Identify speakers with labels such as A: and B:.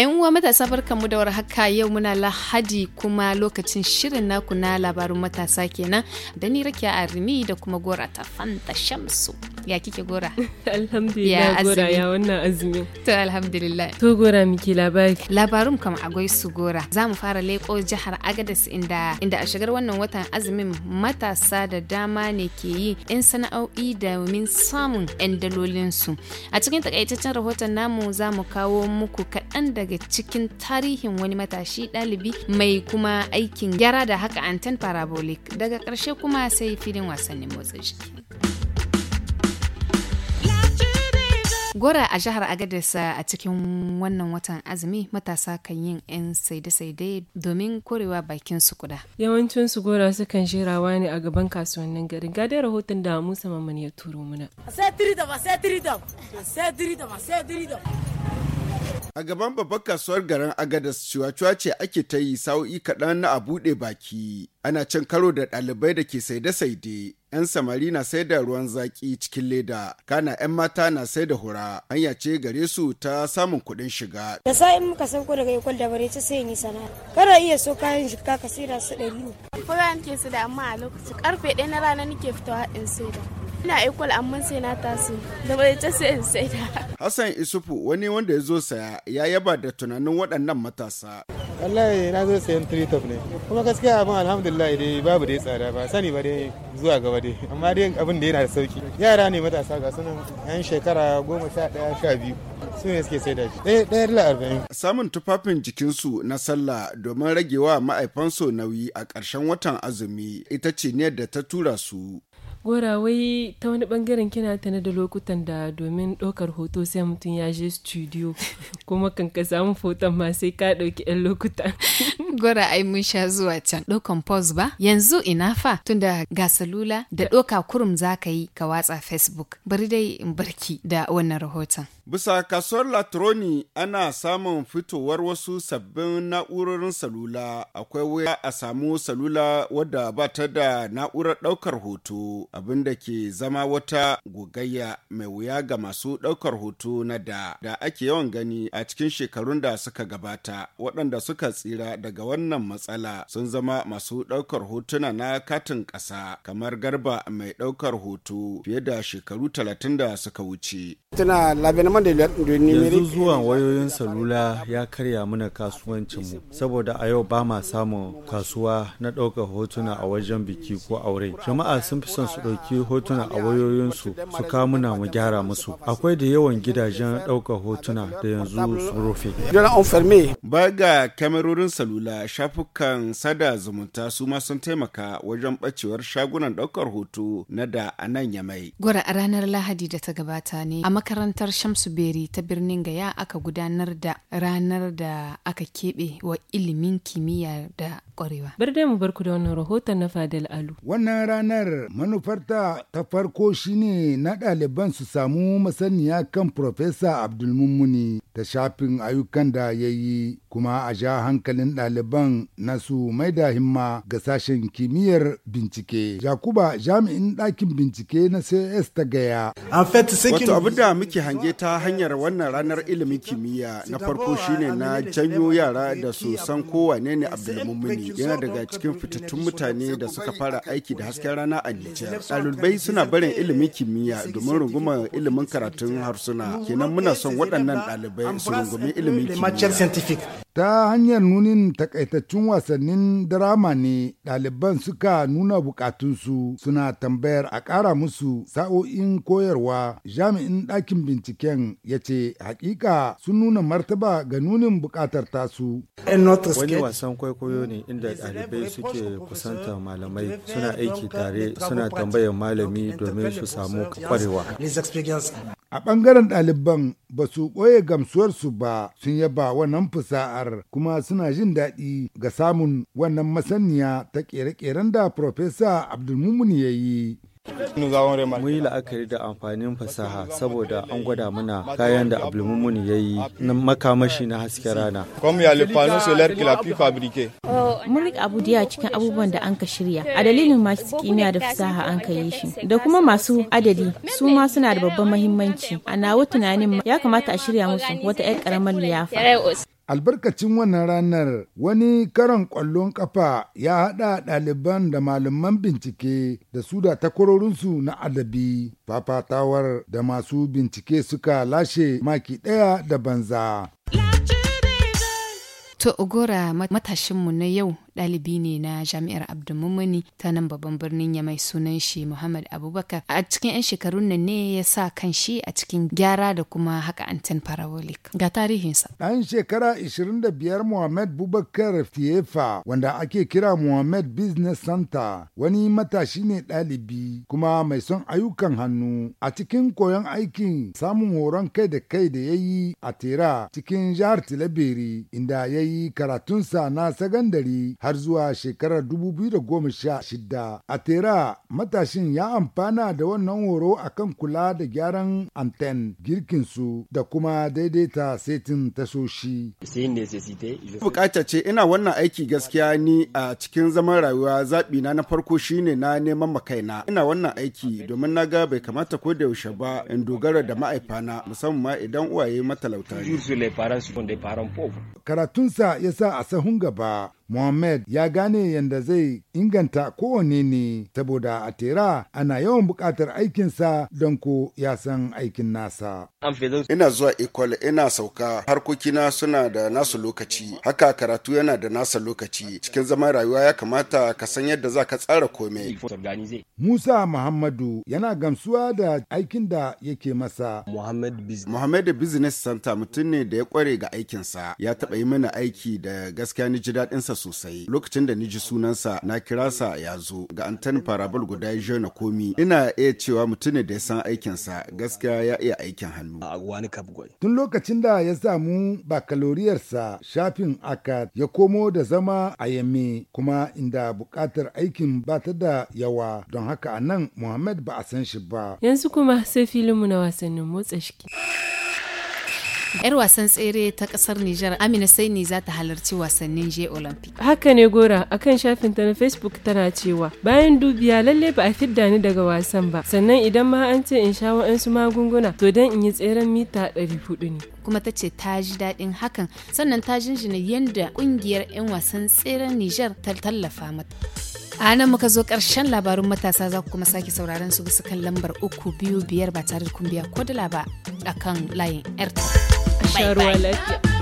A: é um kuma matasa barkanmu da haka yau muna lahadi kuma lokacin shirin naku na labarun matasa kenan da ni a arimi da kuma gora ta fanta shamsu ya kike gora alhamdulillah gora ya
B: wannan azumin
A: to alhamdulillah to gora miki labari labarun kam akwai su gora za mu fara leko jihar agadas inda inda a shigar wannan watan azumin matasa da dama ne ke yi yan sana'o'i domin samun yan dalolinsu a cikin takaitaccen rahoton namu za mu kawo muku kaɗan daga cikin tarihin wani matashi ɗalibi mai kuma aikin gyara da haka anten parabolic daga ƙarshe kuma sai filin wasannin motsa jiki. Gora a jihar agadasa a cikin wannan watan azumi matasa kan yin 'yan saide-saide domin korewa bakin su kuda.
B: Yawancin su gora sukan shirawa ne a gaban kasuwannin garin. Ga dai rahoton da Musa Maman ya turo muna.
C: A gaban babbar kasuwar garin Agadas cuwa ce ake ta yi sa'o'i kaɗan na a buɗe baki. Ana cin karo da ɗalibai da ke saide-saide. 'Yan samari na sai da ruwan zaƙi cikin leda, kana 'yan mata na sai da hura, hanya ce gare su ta samun kuɗin shiga. Da in muka sauko daga yakwal da bare ta sai yi sana'a. Kana iya so kayan shiga ka sai da su ɗari. Fura ke su da amma a lokaci
A: karfe ɗaya na rana nake fitowa in sai Ina equal amma sai na taso, da bai ta sai in sai da.
C: Hassan Isufu wani wanda ya zo saya ya yaba da tunanin waɗannan matasa. Wallahi na zo sayan tritop ne, kuma gaskiya abin alhamdulillah dai babu dai tsada ba sani ba dai zuwa gaba dai amma dai abin da yana da sauki. Yara ne matasa ga sunan 'yan shekara goma sha ɗaya sha biyu. su ne suke sai da shi ɗaya da arba'in. samun tufafin jikinsu na sallah domin ragewa ma'aifansu nauyi a ƙarshen watan azumi ita ce ne da ta tura su
B: Gora wai ta wani bangaren kina tana da lokutan da domin ɗaukar hoto sai mutum ya je studio kuma kan ka samu foton ma sai ka ɗauki 'yan
A: lokuta. Gora ai mun sha zuwa can ɗaukan pause ba? Yanzu ina fa tunda ga salula da ɗauka kurum za ka yi ka watsa Facebook. Bari dai in barki da wannan rahoton.
C: Bisa kasuwar Latroni ana samun fitowar wasu sabbin na'urorin salula, akwai waya a samu salula wadda ba ta da na'urar ɗaukar hoto, abin da ke zama wata gogayya mai wuya ga masu ɗaukar hoto na da da ake yawan gani a cikin shekarun da suka gabata. Waɗanda suka tsira daga wannan matsala sun zama masu ɗaukar hotuna na katin ƙasa, kamar garba mai ɗaukar hoto fiye da shekaru talatin da suka wuce. yanzu zuwa wayoyin salula ya karya mana kasuwancin mu saboda a yau ba ma samun kasuwa na ɗaukar hotuna a wajen biki ko aure jama'a sun fi son su ɗauki hotuna a wayoyinsu su kamuna mu gyara musu akwai da yawan gidajen ɗaukar hotuna da yanzu sun rufe ba ga kyamarorin salula shafukan sada zumunta su ma sun taimaka wajen ɓacewar shagunan ɗaukar hoto na da anan yamai
A: gwara a ranar lahadi da ta gabata ne a makarantar shamsu Tsuberi ta birnin Gaya aka gudanar da ranar da aka keɓe wa ilimin kimiyya da
B: ƙwarewa. dai mu bar ku da wannan rahoton na Fadel Alu.
D: Wannan ranar manufarta ta farko shine na ɗaliban su samu masaniya kan Profesa Abdulmumuni ta shafin ayyukan da ya yi kuma a ja hankalin ɗaliban na su mai da himma ga sashen kimiyyar bincike. Jakuba jami'in ɗakin bincike na CS ta gaya. Wato abu
C: da muke hange ta hanyar wannan ranar ilimin kimiyya na farko shine na janyo yara da su san kowane ne Abdulmumini yana daga cikin fitattun mutane da suka fara aiki da hasken rana a Nijar. Ɗalibai suna barin ilimin kimiyya domin runguma ilimin karatun harsuna kenan muna son waɗannan ɗalibai su rungumi ilimin kimiyya.
D: Ta hanyar nunin takaitaccen wasannin drama ne ɗaliban suka nuna bukatunsu suna tambayar a ƙara musu sa'o'in koyarwa jami'in ɗakin binciken ya ce haƙiƙa sun nuna martaba ga nunin bukatar tasu. Wani wasan
C: kwaikwayo ne inda ɗalibai suke kusanta malamai suna aiki tare suna tambayar malami domin su samu kwarewa.
D: A ɓangaren ɗaliban ba su ɓoye gamsuwarsu ba sun yaba wannan fusa'ar kuma suna jin daɗi ga samun wannan masaniya ta ƙere-ƙeren da Profesa Abdulmumun ya yi.
C: Mun yi la'akari da amfanin fasaha saboda an gwada mana kayan da Abdulmumun ya yi na makamashi na hasken rana.
B: mun rika abu da cikin abubuwan da an ka shirya a dalilin masu kimiyya da fasaha an ka yi shi da kuma masu adadi su ma suna da babban mahimmanci a nawa tunanin ya kamata a shirya musu wata 'yar karamar liyafa
D: albarkacin wannan ranar wani karan kwallon kafa ya haɗa ɗaliban da malaman bincike da su da takwarorinsu na adabi fafatawar da masu bincike suka lashe maki ɗaya da banza. To
A: Ogora matashinmu na yau ɗalibi ne na jami'ar abdulmumuni ta nan babban birnin ya mai sunan shi muhammad abubakar a cikin 'yan shekarun nan ne ya sa kan shi a cikin gyara da kuma haka antin parabolic
D: ga tarihinsa ɗan shekara 25 muhammad bubakar tiefa wanda ake kira muhammad business center wani matashi ne ɗalibi kuma mai son ayyukan hannu a cikin koyon aikin samun horon kai da kai da ya yi a tera cikin jihar tilabiri inda ya yi karatunsa na sagandari har zuwa shekarar 2016 a tera matashin ya amfana da wannan horo kan kula da gyaran anten girkinsu da kuma daidaita setin tasoshi. Bukata
C: ce ina wannan aiki gaskiya ni a cikin zaman rayuwa zaɓi na na farko shine na neman makaina ina wannan aiki domin na ga bai kamata ko da yaushe ba in dogara da ma'aifana musamman idan uwaye matalauta.
D: Karatunsa ya sa a sahun gaba Mohammed ya gane yadda zai inganta kowane ne saboda a tera ana yawan bukatar aikinsa don ko ya san aikin nasa.
C: Ina zuwa ikwal ina sauka harkokina suna da nasu lokaci haka karatu yana da nasa lokaci cikin zaman rayuwa ya kamata ka san yadda za ka tsara komai.
D: Musa Muhammadu yana gamsuwa da aikin da yake masa.
C: Muhammad Business Center mutum ne da ya kware ga aikinsa ya taɓa yi mana aiki da gaskiya ni ji daɗinsa sosai lokacin da niji sunansa na kirasa ya zo ga antan parabol guda ya na komi ina iya cewa mutum ne da ya san aikin sa gaskiya ya iya aikin hannu
D: tun lokacin da ya samu bakaloriyarsa shafin akad ya komo da zama a yamme kuma inda bukatar aikin ba ta da yawa don haka a nan muhammad ba a san shi ba
B: yanzu kuma sai filin mu na wasannin motsa shi
A: 'Yar wasan tsere ta kasar Nijar Amina Saini za ta halarci wasannin je Olympic.
B: Haka ne Gora akan shafin ta na Facebook tana cewa bayan dubiya lalle ba a fidda ni daga wasan ba sannan idan ma an ce in sha wa'ansu magunguna to dan in yi tseren
A: mita 400 ne. kuma ta ce ta ji daɗin hakan sannan ta jinjina yadda ƙungiyar 'yan wasan tseren Nijar ta tallafa mata. a nan muka zo karshen labarun matasa za ku kuma sake sauraron su bisa kan lambar uku biyu biyar ba tare da kumbiya ko dala ba akan layin airtel شروالات